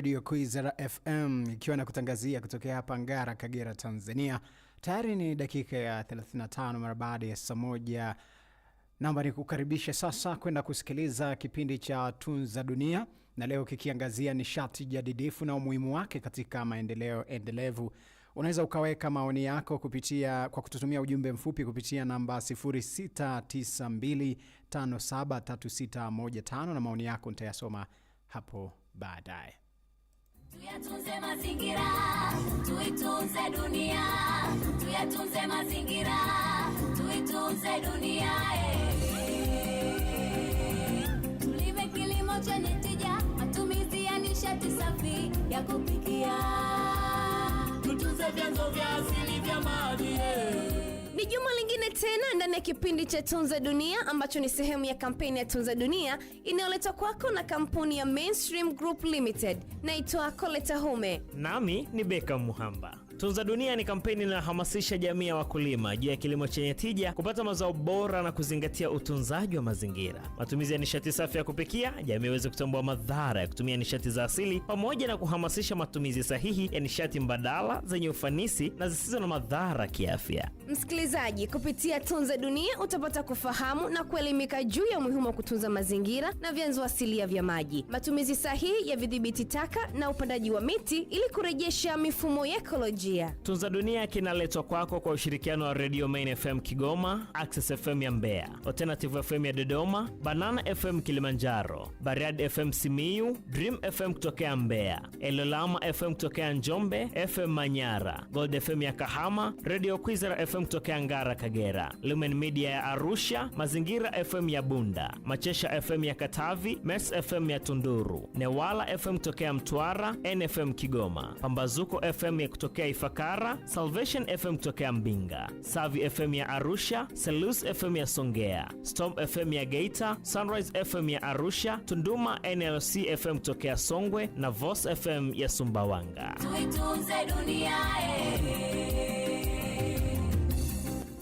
Radio Kwizera FM ikiwa na kutangazia kutokea hapa Ngara, Kagera, Tanzania. Tayari ni dakika ya 35 mara baada ya saa moja. Naomba ni kukaribisha sasa kwenda kusikiliza kipindi cha Tunza Dunia, na leo kikiangazia nishati jadidifu na umuhimu wake katika maendeleo endelevu. Unaweza ukaweka maoni yako kupitia kwa kututumia ujumbe mfupi kupitia namba 0692573615 na maoni yako nitayasoma hapo baadaye. Tuyatunze mazingira, tuitunze dunia, tuyatunze mazingira, tuitunze dunia. Eh. Tulime kilimo chenye tija, matumizi ya nishati safi ya kupikia, tutunze vyanzo vya asili vya maji. Eh. Ni juma lingine tena ndani ya kipindi cha Tunza Dunia ambacho ni sehemu ya kampeni ya Tunza Dunia inayoletwa kwako na kampuni ya Mainstream Group Limited. Naitwa Koleta Hume nami ni Beka Muhamba. Tunza Dunia ni kampeni inayohamasisha jamii ya wakulima juu ya kilimo chenye tija, kupata mazao bora na kuzingatia utunzaji wa mazingira, matumizi ya nishati safi ya kupikia, jamii iweze kutambua madhara ya kutumia nishati za asili, pamoja na kuhamasisha matumizi sahihi ya nishati mbadala zenye ufanisi na zisizo na madhara kiafya. Msikilizaji, kupitia Tunza Dunia utapata kufahamu na kuelimika juu ya umuhimu wa kutunza mazingira na vyanzo asilia vya maji, matumizi sahihi ya vidhibiti taka na upandaji wa miti ili kurejesha mifumo ya ekoloji njia. Tunza Dunia kinaletwa kwako kwa ushirikiano wa Radio Main FM Kigoma, Access FM ya Mbeya, Alternative FM ya Dodoma, Banana FM Kilimanjaro, Bariad FM Simiyu, Dream FM kutokea Mbeya, Elolama FM kutokea Njombe, FM Manyara, Gold FM ya Kahama, Radio Kwizera FM kutokea Ngara Kagera, Lumen Media ya Arusha, Mazingira FM ya Bunda, Machesha FM ya Katavi, Mes FM ya Tunduru, Newala FM kutokea Mtwara, NFM Kigoma, Pambazuko FM ya kutokea Ifakara, Salvation FM kutokea Mbinga, Savi FM ya Arusha, selus FM ya Songea, Storm FM ya Geita, Sunrise FM ya Arusha, Tunduma NLC FM kutokea Songwe na Voice FM ya Sumbawanga. Tuitunze dunia eh.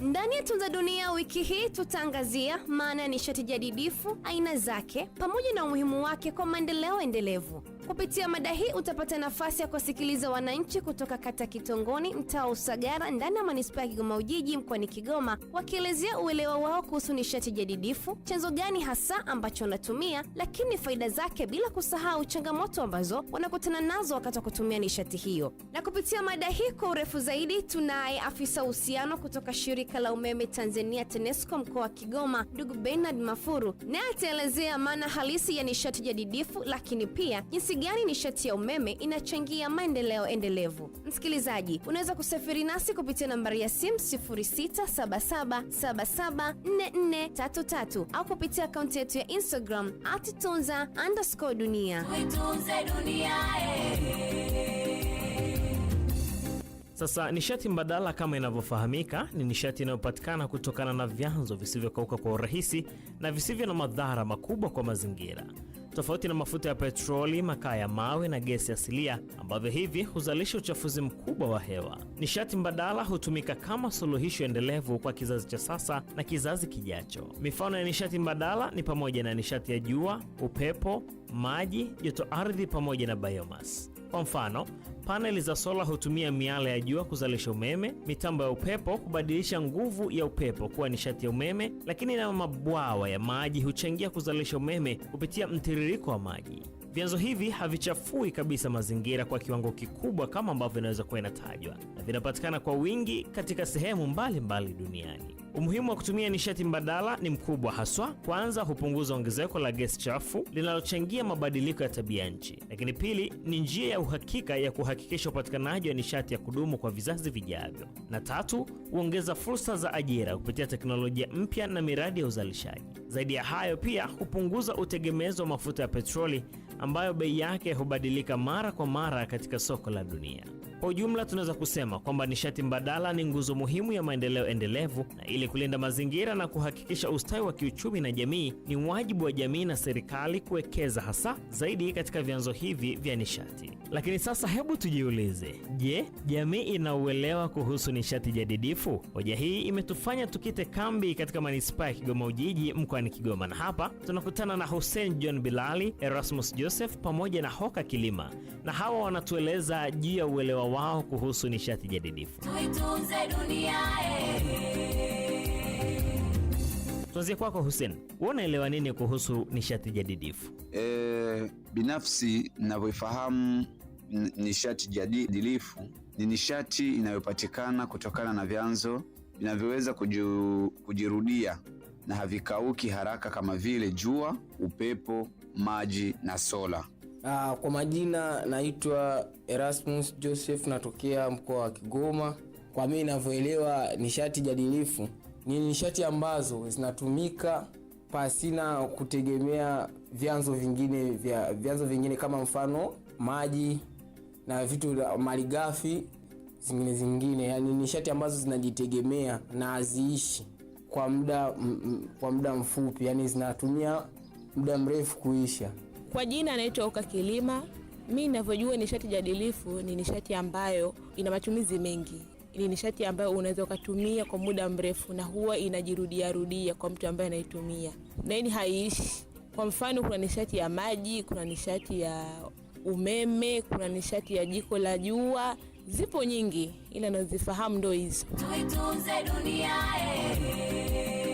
ndani ya Tunza Dunia wiki hii tutaangazia maana ya nishati jadidifu, aina zake, pamoja na umuhimu wake kwa maendeleo endelevu. Kupitia mada hii utapata nafasi ya kuwasikiliza wananchi kutoka kata Kitongoni, mtaa wa Usagara, ndani ya manispaa ya Kigoma Ujiji, mkoani Kigoma, wakielezea uelewa wao kuhusu nishati jadidifu, chanzo gani hasa ambacho wanatumia, lakini faida zake, bila kusahau changamoto ambazo wanakutana nazo wakati wa kutumia nishati hiyo. Na kupitia mada hii kwa urefu zaidi, tunaye afisa uhusiano kutoka shirika la umeme Tanzania TANESCO mkoa wa Kigoma, ndugu Bernard Mafuru, naye ataelezea maana halisi ya nishati jadidifu, lakini pia jinsi gani nishati ya umeme inachangia maendeleo endelevu? Msikilizaji, unaweza kusafiri nasi kupitia nambari ya simu 0677774433 au kupitia akaunti yetu ya Instagram @tunza underscore dunia. Tuitunze dunia eh. sasa nishati mbadala kama inavyofahamika ni nishati inayopatikana kutokana na vyanzo visivyokauka kwa urahisi na visivyo na madhara makubwa kwa mazingira tofauti na mafuta ya petroli, makaa ya mawe na gesi asilia ambavyo hivi huzalisha uchafuzi mkubwa wa hewa. Nishati mbadala hutumika kama suluhisho endelevu kwa kizazi cha sasa na kizazi kijacho. Mifano ya nishati mbadala ni pamoja na nishati ya jua, upepo, maji, joto ardhi pamoja na biomass. Kwa mfano, Paneli za sola hutumia miale ya jua kuzalisha umeme, mitambo ya upepo kubadilisha nguvu ya upepo kuwa nishati ya umeme, lakini na mabwawa ya maji huchangia kuzalisha umeme kupitia mtiririko wa maji. Vyanzo hivi havichafui kabisa mazingira kwa kiwango kikubwa kama ambavyo inaweza kuwa inatajwa, na vinapatikana kwa wingi katika sehemu mbalimbali mbali duniani. Umuhimu wa kutumia nishati mbadala ni mkubwa haswa. Kwanza, hupunguza ongezeko la gesi chafu linalochangia mabadiliko ya tabia nchi, lakini pili, ni njia ya uhakika ya kuhakikisha upatikanaji wa nishati ya kudumu kwa vizazi vijavyo, na tatu, huongeza fursa za ajira kupitia teknolojia mpya na miradi ya uzalishaji. Zaidi ya hayo, pia hupunguza utegemezi wa mafuta ya petroli ambayo bei yake hubadilika mara kwa mara katika soko la dunia. Kwa ujumla, tunaweza kusema kwamba nishati mbadala ni nguzo muhimu ya maendeleo endelevu, na ili kulinda mazingira na kuhakikisha ustawi wa kiuchumi na jamii, ni wajibu wa jamii na serikali kuwekeza hasa zaidi katika vyanzo hivi vya nishati. Lakini sasa hebu tujiulize, je, jamii inauelewa kuhusu nishati jadidifu? Hoja hii imetufanya tukite kambi katika manispaa ya Kigoma Ujiji mkoani Kigoma, na hapa tunakutana na Hussein John Bilali, Erasmus Joseph pamoja na Hoka Kilima, na hawa wanatueleza juu ya uelewa wao kuhusu nishati jadidifu. Tuitunze dunia eh. tuanzie kwako Hussein, wewe unaelewa nini kuhusu nishati jadidifu? E, eh, binafsi ninavyoifahamu nishati jadidifu ni nishati inayopatikana kutokana na vyanzo vinavyoweza kujirudia na havikauki haraka kama vile jua, upepo, maji na sola. Uh, kwa majina naitwa Erasmus Joseph natokea mkoa wa Kigoma. Kwa mimi ninavyoelewa, nishati jadilifu ni nishati ambazo zinatumika pasina kutegemea vyanzo vingine vya vyanzo vingine kama mfano maji na vitu malighafi zingine zingine, yani nishati ambazo zinajitegemea na haziishi kwa muda kwa muda mfupi, yani zinatumia muda mrefu kuisha. Kwa jina anaitwa Oka Kilima. Mi ninavyojua nishati jadilifu ni nishati ambayo ina matumizi mengi, ni nishati ambayo unaweza ukatumia kwa muda mrefu na huwa inajirudiarudia kwa mtu ambaye anaitumia, na hii haiishi. Kwa mfano, kuna nishati ya maji, kuna nishati ya umeme, kuna nishati ya jiko la jua. Zipo nyingi, ila nazifahamu ndo hizo. Tuitunze dunia. Eh.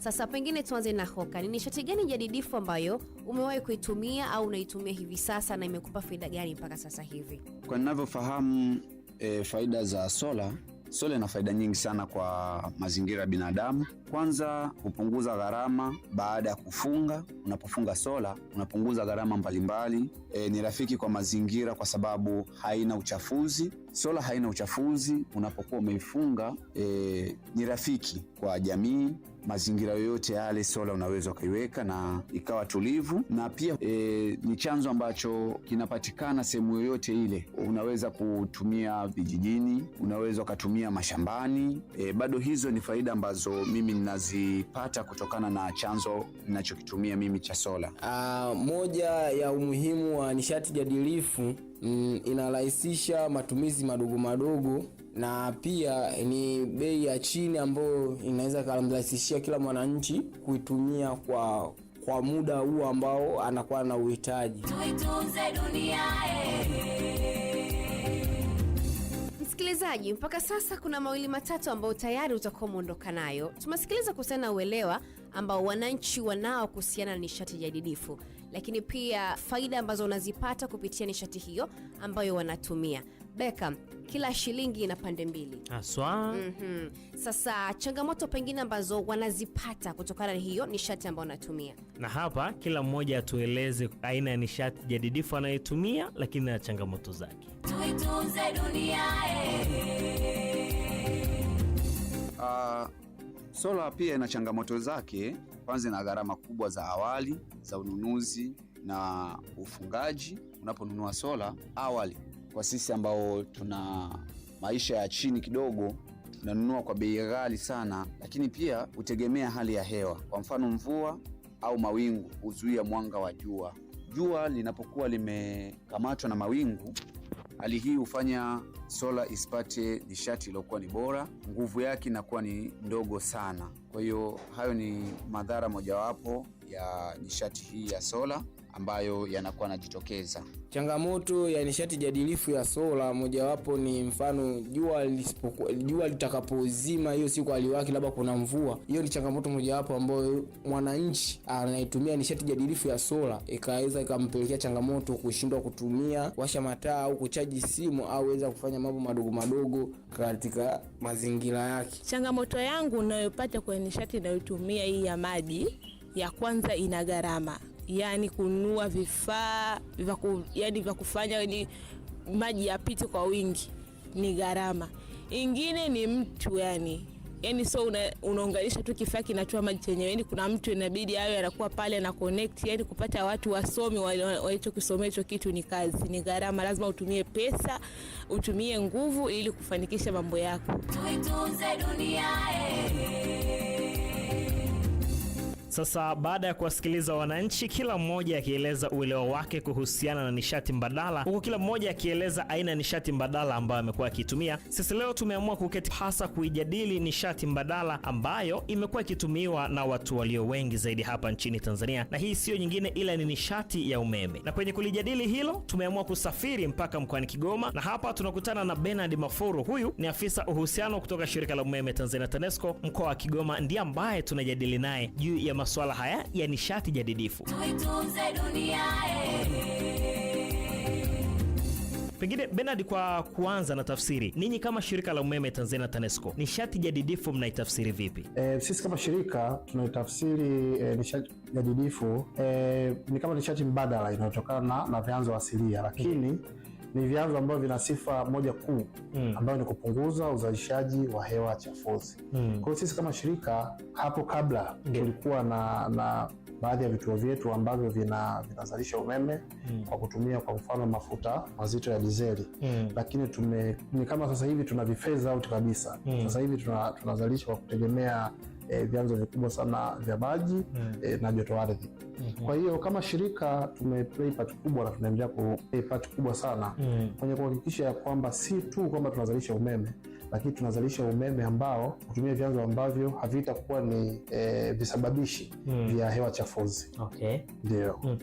Sasa pengine tuanze na Hoka, ni nishati gani jadidifu ambayo umewahi kuitumia au unaitumia hivi sasa na imekupa faida gani mpaka sasa hivi? Kwa ninavyofahamu e, faida za sola Sola ina faida nyingi sana kwa mazingira ya binadamu. Kwanza, kupunguza gharama baada ya kufunga. Unapofunga sola unapunguza gharama mbalimbali. E, ni rafiki kwa mazingira kwa sababu haina uchafuzi. Sola haina uchafuzi, unapokuwa umeifunga e, ni rafiki kwa jamii. Mazingira yoyote yale sola unaweza ukaiweka na ikawa tulivu, na pia e, ni chanzo ambacho kinapatikana sehemu yoyote ile. Unaweza kutumia vijijini, unaweza ukatumia mashambani e, bado hizo ni faida ambazo mimi ninazipata kutokana na chanzo ninachokitumia mimi cha sola. Uh, ah, moja ya umuhimu wa nishati jadilifu mm, inarahisisha matumizi madogo madogo na pia ni bei ya chini ambayo inaweza ikamrahisishia kila mwananchi kuitumia kwa kwa muda huo ambao anakuwa na uhitaji. Eh. Msikilizaji, mpaka sasa kuna mawili matatu ambayo tayari utakuwa umeondoka nayo. Tumesikiliza kuhusiana na uelewa ambao wananchi wanao kuhusiana na nishati jadidifu lakini pia faida ambazo unazipata kupitia nishati hiyo ambayo wanatumia. Beka, kila shilingi ina pande mbili haswa. mm -hmm. Sasa changamoto pengine ambazo wanazipata kutokana na hiyo nishati ambayo wanatumia, na hapa kila mmoja atueleze aina ya nishati jadidifu anayotumia, lakini na changamoto zake. Tuitunze dunia eh. Uh, ah, sola pia ina changamoto zake kwanza na gharama kubwa za awali za ununuzi na ufungaji. Unaponunua sola awali, kwa sisi ambao tuna maisha ya chini kidogo tunanunua kwa bei ghali sana, lakini pia hutegemea hali ya hewa. Kwa mfano, mvua au mawingu huzuia mwanga wa jua. Jua linapokuwa limekamatwa na mawingu Hali hii hufanya sola isipate nishati iliyokuwa ni bora, nguvu yake inakuwa ni ndogo sana. Kwa hiyo hayo ni madhara mojawapo ya nishati hii ya sola ambayo yanakuwa yanajitokeza. Changamoto ya nishati jadilifu ya sola mojawapo ni mfano jua lisipokuwa, jua litakapozima hiyo siku aliwaki, labda kuna mvua. Hiyo ni changamoto mojawapo ambayo mwananchi anaitumia nishati jadilifu ya sola ikaweza ikampelekea changamoto kushindwa kutumia washa mataa au kuchaji simu au weza kufanya mambo madogo madogo katika mazingira yake. Changamoto yangu nayopata kwenye nishati inayotumia hii ya maji, ya kwanza ina gharama yani kunua vifaa yani vya kufanya ni maji yapite kwa wingi ni gharama. Ingine ni mtu yani yani so una, unaunganisha tu kifaa kinatoa maji chenyewe, yani kuna mtu inabidi awe anakuwa pale na connect, yani kupata watu wasomi walichokisomea hicho kitu ni kazi, ni gharama. Lazima utumie pesa, utumie nguvu ili kufanikisha mambo yako. Tuitunze dunia eh. Sasa baada ya kuwasikiliza wananchi, kila mmoja akieleza uelewa wake kuhusiana na nishati mbadala, huku kila mmoja akieleza aina ya nishati mbadala ambayo amekuwa akitumia sisi leo tumeamua kuketi hasa kuijadili nishati mbadala ambayo imekuwa ikitumiwa na watu walio wengi zaidi hapa nchini Tanzania, na hii siyo nyingine ila ni nishati ya umeme. Na kwenye kulijadili hilo, tumeamua kusafiri mpaka mkoani Kigoma, na hapa tunakutana na Bernard Mafuru. Huyu ni afisa uhusiano kutoka shirika la umeme Tanzania TANESCO mkoa wa Kigoma, ndiye ambaye tunajadili naye juu ya masuala haya ya nishati jadidifu. Tuitunze dunia Pengine Bernard, kwa kuanza na tafsiri, ninyi kama shirika la umeme Tanzania TANESCO, nishati jadidifu mnaitafsiri vipi? E, sisi kama shirika tunaitafsiri e, nishati jadidifu e, ni kama nishati mbadala inayotokana na, na vyanzo asilia, lakini ni vyanzo ambavyo vina sifa moja kuu mm. ambayo ni kupunguza uzalishaji wa hewa chafuzi mm. Kwa hiyo sisi kama shirika hapo kabla tulikuwa na, na baadhi ya vituo vyetu ambavyo vinazalisha umeme mm. kwa kutumia kwa mfano mafuta mazito ya dizeli mm. lakini tume, ni kama sasa hivi tuna vifeza out kabisa mm. sasa hivi tunazalisha tuna kwa kutegemea e, vyanzo vikubwa sana vya maji mm. e, na joto ardhi mm-hmm. Kwa hiyo kama shirika tumeplay part kubwa na tunaendelea kuplay part kubwa sana mm. kwenye kuhakikisha ya kwamba si tu kwamba tunazalisha umeme lakini tunazalisha umeme ambao kutumia vyanzo ambavyo havitakuwa ni e, visababishi mm. vya hewa chafuzi. Okay. Ndio. mm.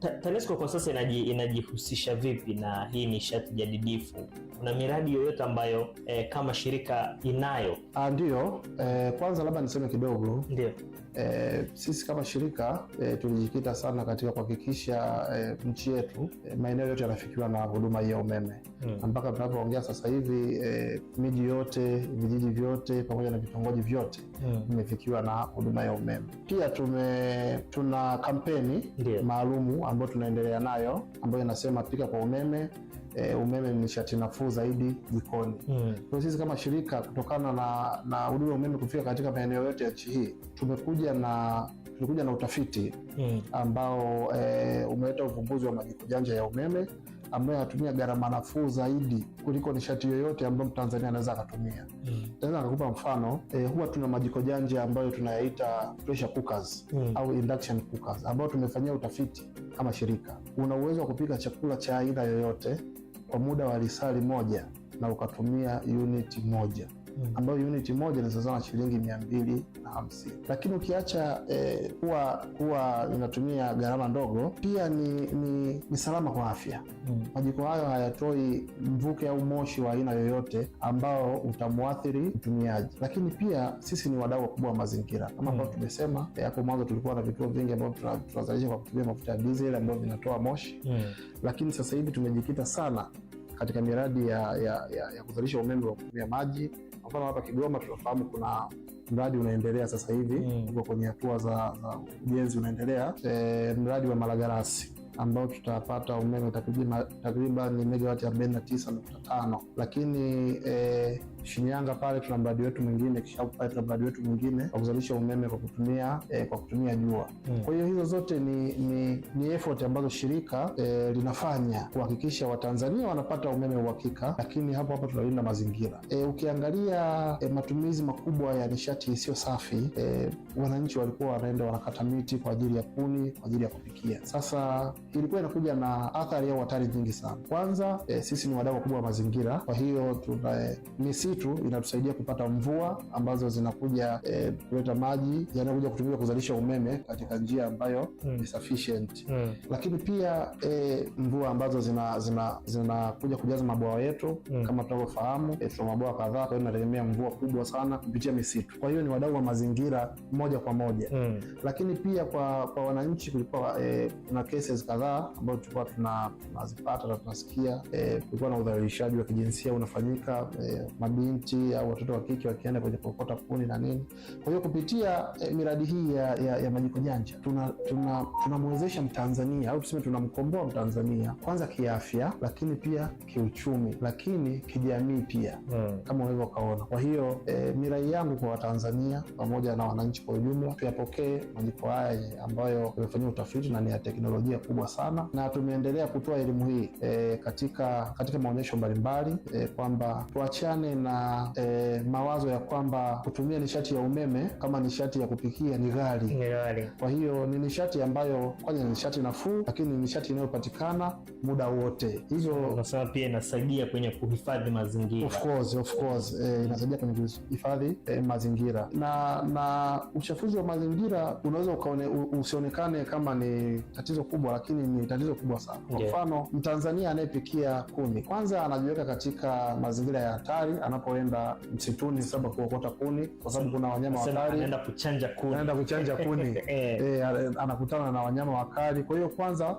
TANESCO kwa sasa inaji, inajihusisha vipi na hii nishati jadidifu? Kuna miradi yoyote ambayo e, kama shirika inayo? Ah, Ndiyo, e, eh, kwanza labda niseme kidogo. Ndiyo. E, sisi kama shirika e, tulijikita sana katika kuhakikisha e, nchi yetu e, maeneo yote yanafikiwa na huduma ya umeme hmm. Mpaka tunavyoongea sasa hivi e, miji yote, vijiji vyote pamoja na vitongoji vyote hmm. vimefikiwa hmm. na huduma ya umeme. Pia tume, tuna kampeni maalumu ambayo tunaendelea nayo ambayo inasema pika kwa umeme e, umeme nishati nafuu zaidi jikoni. Mm. Kwa sisi kama shirika kutokana na na huduma ya umeme kufika katika maeneo yote ya nchi hii tumekuja na tumekuja na utafiti mm. ambao e, umeleta uvumbuzi wa majiko janja ya umeme ambayo yanatumia gharama nafuu zaidi kuliko nishati yoyote ambayo Mtanzania anaweza akatumia. Mm. Naweza nikakupa mfano e, huwa tuna majiko janja ambayo tunayaita pressure cookers mm. au induction cookers ambayo tumefanyia utafiti kama shirika. Una uwezo wa kupika chakula cha aina yoyote kwa muda wa lisali moja na ukatumia unit moja mm. ambayo unit moja inaweza na shilingi mia mbili na hamsini. Lakini ukiacha eh, kuwa kuwa inatumia gharama ndogo, pia ni, ni, ni salama kwa afya mm. majiko hayo hayatoi mvuke au moshi wa aina yoyote ambao utamwathiri mtumiaji. Lakini pia sisi ni wadau wakubwa wa mazingira kama ambavyo mm. tumesema eh, hapo mwanzo, tulikuwa na vituo vingi ambavyo tunazalisha kwa kutumia mafuta ya dizeli ambayo vinatoa moshi mm. lakini sasa hivi tumejikita sana katika miradi ya, ya, ya, ya kuzalisha umeme wa kutumia maji. Kwa mfano hapa Kigoma tunafahamu kuna mradi unaendelea sasa hivi mm. uko kwenye hatua za, za ujenzi unaendelea, e, mradi wa Malagarasi ambao tutapata umeme takriban ni megawati 49.5 lakini e, Shinyanga pale tuna mradi wetu mwingine, kisha pale tuna mradi wetu mwingine wa kuzalisha umeme kwa kutumia eh, kwa kutumia jua mm. Kwa hiyo hizo zote ni, ni, ni effort ambazo shirika eh, linafanya kuhakikisha Watanzania wanapata umeme uhakika, lakini hapo hapo tunalinda mazingira eh, ukiangalia eh, matumizi makubwa ya nishati isiyo safi eh, wananchi walikuwa wanaenda wanakata miti kwa ajili ya kuni kwa ajili ya kupikia. Sasa ilikuwa inakuja na athari au hatari nyingi sana. Kwanza eh, sisi ni wadau wakubwa wa mazingira, kwa hiyo tuna eh, misitu inatusaidia kupata mvua ambazo zinakuja e, kuleta maji yanayokuja kutumika kuzalisha umeme katika njia ambayo mm. ni sufficient mm. Lakini pia e, mvua ambazo zinakuja zina, zina kujaza mabwawa yetu mm. kama tunavyofahamu e, tuna mabwawa kadhaa, kwa hiyo inategemea mvua kubwa sana kupitia misitu. Kwa hiyo ni wadau wa mazingira moja kwa moja mm. Lakini pia kwa, kwa wananchi kulikuwa e, kuna cases kadhaa ambazo tulikuwa tunazipata na tunasikia e, kulikuwa na udhalilishaji wa kijinsia unafanyika e, mabinti au watoto wa kike wakienda kwenye kuokota kuni na nini. Kwa hiyo kupitia eh, miradi hii ya, ya, ya majiko janja tunamwezesha tuna, tuna Mtanzania au tuseme tunamkomboa Mtanzania kwanza kiafya, lakini pia kiuchumi, lakini kijamii pia hmm, kama unaweza ukaona. Kwa hiyo eh, mirai yangu kwa Watanzania pamoja na wananchi kwa ujumla tuyapokee majiko haya ambayo yamefanyia utafiti na ni ya teknolojia kubwa sana, na tumeendelea kutoa elimu hii eh, katika, katika maonyesho mbalimbali eh, kwamba tuachane na na e, mawazo ya kwamba kutumia nishati ya umeme kama nishati ya kupikia ni ghali. Kwa hiyo ni nishati ambayo kwanza ni nishati nafuu, lakini ni nishati inayopatikana muda wote. Hizo unasema pia inasaidia kwenye kuhifadhi mazingira. Of course, of course, e, inasaidia kwenye kuhifadhi e, mazingira na na uchafuzi wa mazingira unaweza usionekane kama ni tatizo kubwa, lakini ni tatizo kubwa sana. Kwa mfano, yeah. Mtanzania anayepikia kumi kwanza anajiweka katika mazingira ya hatari anapoenda msituni saba kuokota kuni, kwa sababu kuna wanyama wakali, anaenda kuchanja kuni, anaenda kuchanja kuni e, anakutana na wanyama wakali. Kwa hiyo kwanza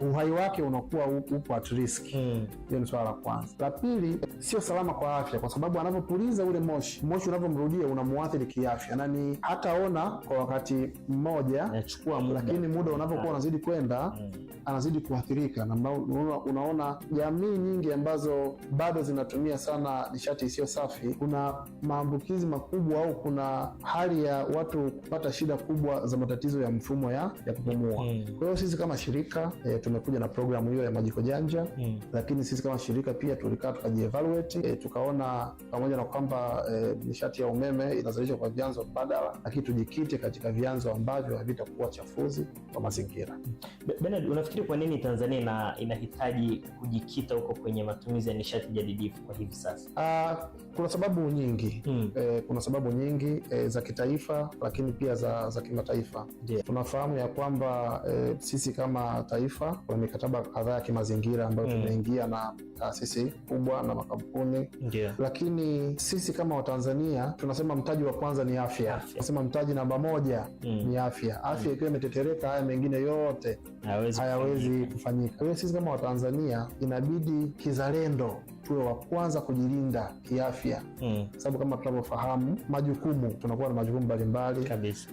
uhai wake unakuwa upo at risk. Hmm. Hiyo ni swala la kwanza. La pili, sio salama kwa afya, kwa sababu anapopuliza ule moshi, moshi unavyomrudia unamuathiri kiafya, na ni hataona kwa wakati mmoja, lakini muda unavyokuwa ah. unazidi kwenda hmm, anazidi kuathirika, na unaona jamii nyingi ambazo bado zinatumia sana nishati isiyo safi, kuna maambukizi makubwa au kuna hali ya watu kupata shida kubwa za matatizo ya mfumo ya, ya kupumua mm. Kwa hiyo sisi kama shirika e, tumekuja na programu hiyo ya majiko janja mm. Lakini sisi kama shirika pia tulikaa tukajievaluate e, tukaona pamoja na kwamba e, nishati ya umeme inazalishwa kwa vyanzo mbadala, lakini tujikite katika vyanzo ambavyo havitakuwa chafuzi kwa mazingira. Bernard, unafikiri kwa nini Tanzania inahitaji kujikita huko kwenye matumizi ya nishati jadidifu kwa hivi sasa? Ah, kuna sababu nyingi mm. E, kuna sababu nyingi e, za kitaifa lakini pia za, za kimataifa yeah. Tunafahamu ya kwamba e, sisi kama taifa kuna mikataba kadhaa ya kimazingira ambayo mm. tumeingia na taasisi kubwa na makampuni yeah. Lakini sisi kama Watanzania tunasema mtaji wa kwanza ni afya, afya. mtaji namba moja mm. ni afya. Afya hmm. ikiwa mm. imetetereka, haya mengine yote hayawezi kufanyika. Kwa hiyo sisi kama Watanzania inabidi kizalendo tuwe wa kwanza kujilinda kiafya mm. Sababu kama tunavyofahamu majukumu, tunakuwa na majukumu mbalimbali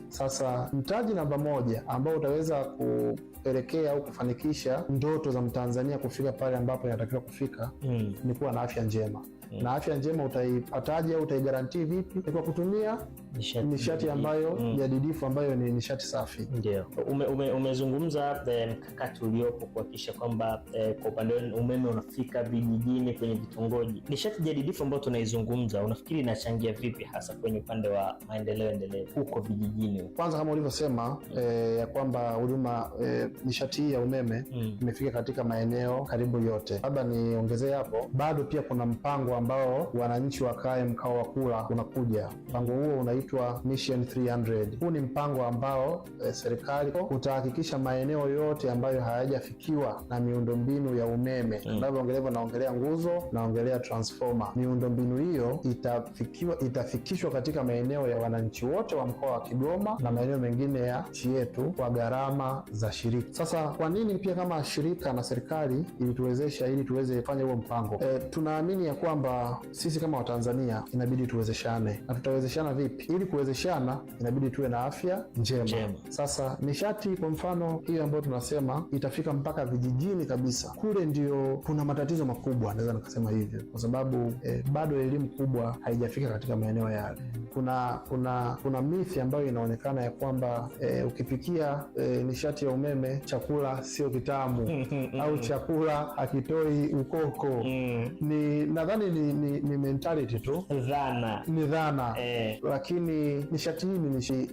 Sasa mtaji namba moja ambao utaweza kupelekea au kufanikisha ndoto za Mtanzania kufika pale ambapo inatakiwa kufika mm. ni kuwa na afya njema mm. na afya njema utaipataje au utaigarantii vipi? Ni kwa kutumia nishati ambayo mm. jadidifu ambayo ni nishati safi. Ndio umezungumza eh, mkakati uliopo kuhakikisha kwamba eh, kwa upande wenu umeme unafika vijijini, kwenye vitongoji. Nishati jadidifu ambayo tunaizungumza, unafikiri inachangia vipi hasa kwenye upande wa maendeleo endelevu huko vijijini? Kwanza kama ulivyosema eh, ya kwamba huduma nishati hii ya umeme mm. imefika katika maeneo karibu yote, labda niongezee hapo, bado pia kuna mpango ambao wananchi wakae mkao wa kula unakuja, mpango huo una unaoitwa Mission 300. Huu ni mpango ambao e, serikali utahakikisha maeneo yote ambayo hayajafikiwa na miundombinu ya umeme unavyoongelea, hmm. mm. naongelea nguzo, naongelea transformer. Miundombinu hiyo itafikiwa, itafikishwa katika maeneo ya wananchi wote wa mkoa wa Kigoma na maeneo mengine ya nchi yetu kwa gharama za shirika. Sasa kwa nini pia kama shirika na serikali ilituwezesha ili tuweze kufanya huo mpango? E, tunaamini ya kwamba sisi kama Watanzania inabidi tuwezeshane, na tutawezeshana vipi? ili kuwezeshana inabidi tuwe na afya njema. Njema. Sasa nishati kwa mfano hiyo ambayo tunasema itafika mpaka vijijini kabisa, kule ndio kuna matatizo makubwa, naweza nikasema hivyo, kwa sababu eh, bado elimu kubwa haijafika katika maeneo yale. Kuna kuna kuna mithi ambayo inaonekana ya kwamba eh, ukipikia eh, nishati ya umeme chakula sio kitamu au chakula hakitoi ukoko. Mm. Ni nadhani ni, ni, ni mentality tu, dhana ni dhana eh, lakini ni nishati hii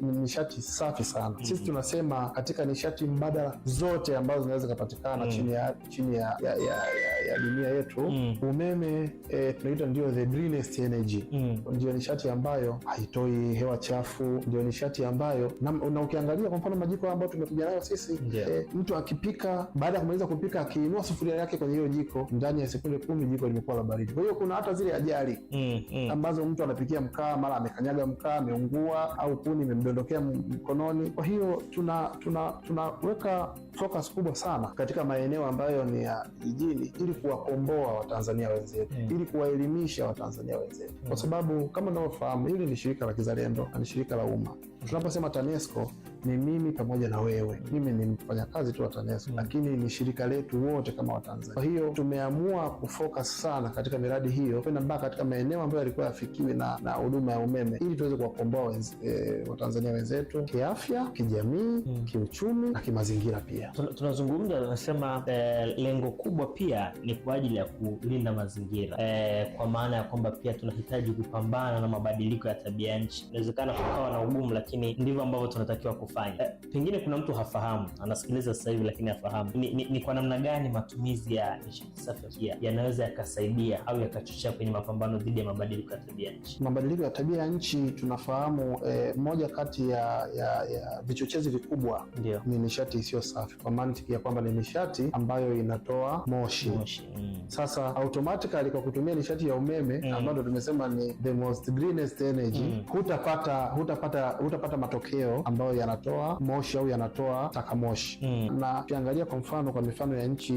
ni nishati safi sana. Mm-hmm. Sisi tunasema katika nishati mbadala zote ambazo zinaweza kupatikana mm chini ya chini ya, ya, ya, ya, ya dunia yetu mm umeme e, tunaita ndio the greenest energy mm ndio nishati ambayo haitoi hewa chafu, ndio nishati ambayo na, na ukiangalia kwa mfano majiko ambayo tumekuja nayo sisi yeah. e, mtu akipika baada ya kumaliza kupika akiinua sufuria yake kwenye hiyo jiko, ndani ya sekunde kumi jiko limekuwa la baridi. Kwa hiyo kuna hata zile ajali mm -hmm. ambazo mtu anapikia mkaa mara amekanyaga mkaa ameungua au kuni imemdondokea mkononi. Kwa hiyo tunaweka tuna, tuna focus kubwa sana katika maeneo ambayo ni ya jijini ili kuwakomboa Watanzania wenzetu mm. ili kuwaelimisha Watanzania wenzetu mm. kwa sababu kama unavyofahamu hili ni shirika la kizalendo na ni shirika la umma. Tunaposema TANESCO ni mimi pamoja na wewe. Mimi ni mfanyakazi tu wa TANESCO, mm. lakini ni shirika letu wote kama Watanzania. Kwa hiyo tumeamua kufocus sana katika miradi hiyo, kwenda mpaka katika maeneo ambayo yalikuwa yafikiwi na huduma ya umeme, ili tuweze kuwakomboa e, Watanzania wenzetu kiafya, kijamii, hmm, kiuchumi na kimazingira pia. Tunazungumza tunasema, e, lengo kubwa pia ni kwa ajili ya kulinda mazingira e, kwa maana ya kwamba pia tunahitaji kupambana na mabadiliko ya tabia nchi. Inawezekana kukawa na ugumu lakini ndivyo ambavyo tunatakiwa kufanya. Eh, pengine kuna mtu hafahamu, anasikiliza sasa hivi lakini hafahamu ni, ni, ni kwa namna gani matumizi ya nishati safi yanaweza yakasaidia au yakachochea kwenye mapambano dhidi ya mabadiliko ya tabia nchi. Mabadiliko ya tabia ya nchi tunafahamu, eh, moja kati ya, ya, ya vichochezi vikubwa Ndiyo. ni nishati isiyo safi, kwa mantiki ya kwamba ni nishati ambayo inatoa moshi, moshi. Mm. Sasa automatically kwa kutumia nishati ya umeme mm. ambayo tumesema ni the most greenest energy mm. hutapata hutapata utapata matokeo ambayo yanatoa moshi au yanatoa taka moshi mm. Na ukiangalia kwa mfano kwa mifano ya nchi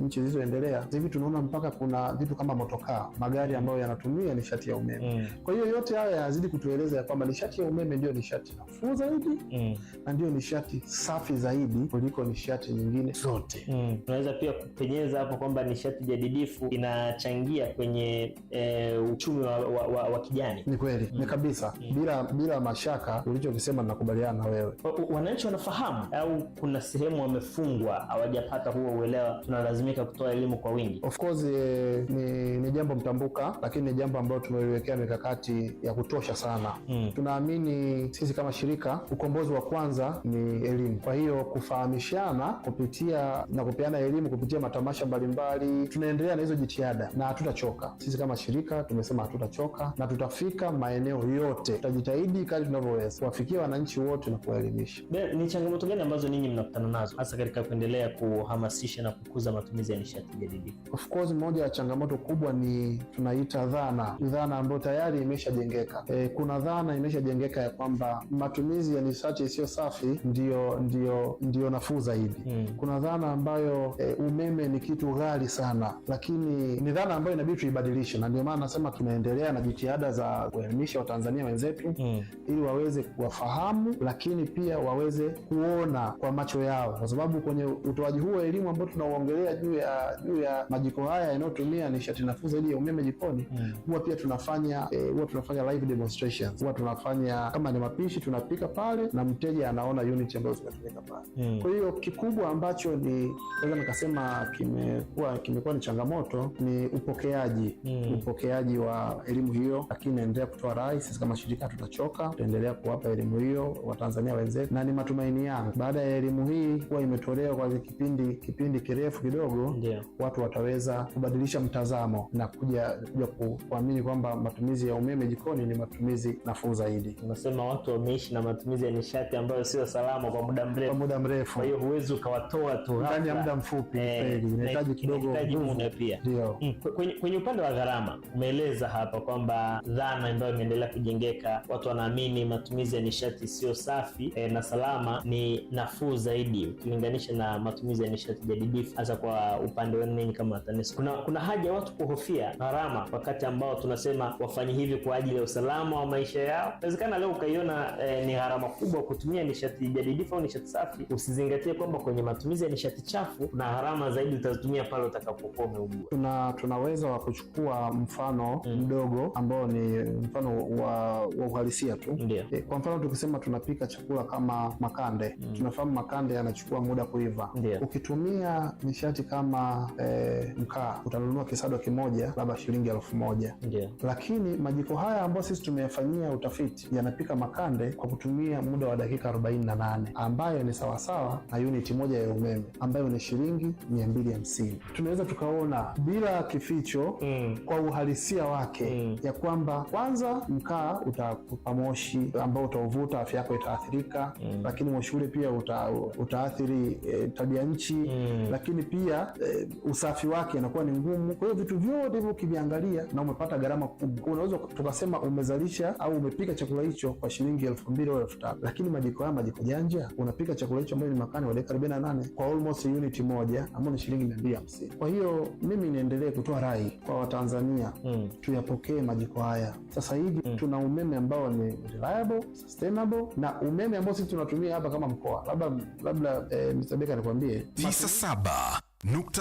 nchi zilizoendelea hivi tunaona mpaka kuna vitu kama motokaa, magari ambayo yanatumia nishati ya umeme mm. Kwa hiyo yote haya yanazidi kutueleza ya kwamba nishati ya umeme ndio nishati nafuu zaidi mm. na ndio nishati safi zaidi kuliko nishati nyingine zote mm. Tunaweza pia kupenyeza hapo kwamba nishati jadidifu inachangia kwenye e, uchumi wa, wa, wa, wa kijani. Ni kweli mm. ni hmm. kabisa mm. bila, bila mashaka ulichokisema nakubaliana na wewe. Wananchi wanafahamu au kuna sehemu wamefungwa, hawajapata huo uelewa, tunalazimika kutoa elimu kwa wingi? Of course eh, ni, ni jambo mtambuka, lakini ni jambo ambalo tumeliwekea mikakati ya kutosha sana hmm. Tunaamini sisi kama shirika ukombozi wa kwanza ni elimu, kwa hiyo kufahamishana kupitia na kupeana elimu kupitia matamasha mbalimbali, tunaendelea na hizo jitihada na hatutachoka. Sisi kama shirika tumesema hatutachoka na tutafika maeneo yote, tutajitahidi kadri tunavyoweza kuwafikia wananchi wote na kuwaelimisha. Ni changamoto gani ambazo ninyi mnakutana nazo hasa katika kuendelea kuhamasisha na kukuza matumizi ya nishati jadidi? Of course, moja ya changamoto kubwa ni tunaita dhana, dhana ambayo tayari imeshajengeka. E, kuna dhana imeshajengeka ya kwamba matumizi ya nishati isiyo safi ndiyo, ndiyo, ndiyo nafuu zaidi. Hmm. Kuna dhana ambayo e, umeme ni kitu ghali sana, lakini ni dhana ambayo inabidi tuibadilishe, na ndio maana nasema tunaendelea na jitihada za kuelimisha Watanzania wenzetu hmm, ili waweze wafahamu, lakini pia waweze kuona kwa macho yao, kwa sababu kwenye utoaji huu wa elimu ambao tunauongelea juu ya juu ya majiko haya yanayotumia nishati nafuu zaidi ya umeme jikoni mm. huwa pia tunafanya eh, huwa tunafanya live demonstrations, huwa tunafanya kama ni mapishi tunapika pale na mteja anaona unit ambazo zinatumika pale mm. Kwa hiyo kikubwa ambacho ni naweza nikasema kimekuwa kimekuwa ni changamoto ni upokeaji mm. upokeaji wa elimu hiyo, lakini naendelea kutoa rai, sisi kama shirika tutachoka, tutaendelea kuwapa kuwapa elimu hiyo Watanzania wenzetu, na ni matumaini yangu baada ya elimu hii kuwa imetolewa kwa kipindi kipindi kirefu kidogo, yeah, watu wataweza kubadilisha mtazamo na kuja kuja kuamini kwamba matumizi ya umeme jikoni ni matumizi nafuu zaidi. Unasema watu wameishi na matumizi ya nishati ambayo sio salama kwa muda mrefu, kwa muda mrefu. Kwa hiyo huwezi ukawatoa tu ndani ya muda mfupi, eh, kweli inahitaji kidogo muda pia. Ndio mm, kwenye upande wa gharama umeeleza hapa kwamba dhana ambayo imeendelea kujengeka, watu wanaamini matumizi matumizi ya nishati isiyo safi e, na salama ni nafuu zaidi ukilinganisha na matumizi ya nishati jadidifu, hasa kwa upande wenu ninyi kama TANESCO. Kuna, kuna haja ya watu kuhofia gharama wakati ambao tunasema wafanye hivi kwa ajili ya usalama wa maisha yao. Inawezekana leo ukaiona e, ni gharama kubwa kutumia nishati jadidifu au nishati safi, usizingatie kwamba kwenye matumizi ya nishati chafu kuna gharama zaidi utazitumia pale utakapokuwa umeugua. Tuna, tunaweza wa kuchukua mfano mm. mdogo ambao ni mfano wa uhalisia tu. Ndiyo. Eh, kwa mfano tukisema tunapika chakula kama makande mm. tunafahamu makande yanachukua muda kuiva yeah. Ukitumia nishati kama e, mkaa utanunua kisado kimoja labda shilingi elfu moja yeah. Lakini majiko haya ambayo sisi tumeyafanyia utafiti yanapika makande kwa kutumia muda wa dakika 48 ambayo ni sawasawa na uniti moja ya umeme ambayo ni shilingi 250. Tunaweza tukaona bila kificho mm. kwa uhalisia wake mm. ya kwamba kwanza mkaa utakupa moshi ambao ambao utauvuta, afya yako itaathirika mm. Lakini moshi ule pia uta, utaathiri e, tabia nchi mm. Lakini pia e, usafi wake inakuwa ni ngumu. Kwa hiyo vitu vyote hivyo ukiviangalia na umepata gharama kubwa, unaweza tukasema umezalisha au umepika chakula hicho kwa shilingi elfu mbili au elfu tatu lakini majiko haya majiko janja unapika chakula hicho ambayo ni makani wa dakika 48 kwa almost unit moja ambao ni shilingi mia mbili hamsini. Kwa hiyo mimi niendelee kutoa rai kwa Watanzania mm. tuyapokee majiko haya sasa hivi mm. tuna umeme ambao ni reliable sustainable na umeme ambao sisi tunatumia hapa kama mkoa, labda labda eh, Mr. Beka nikwambie 97.7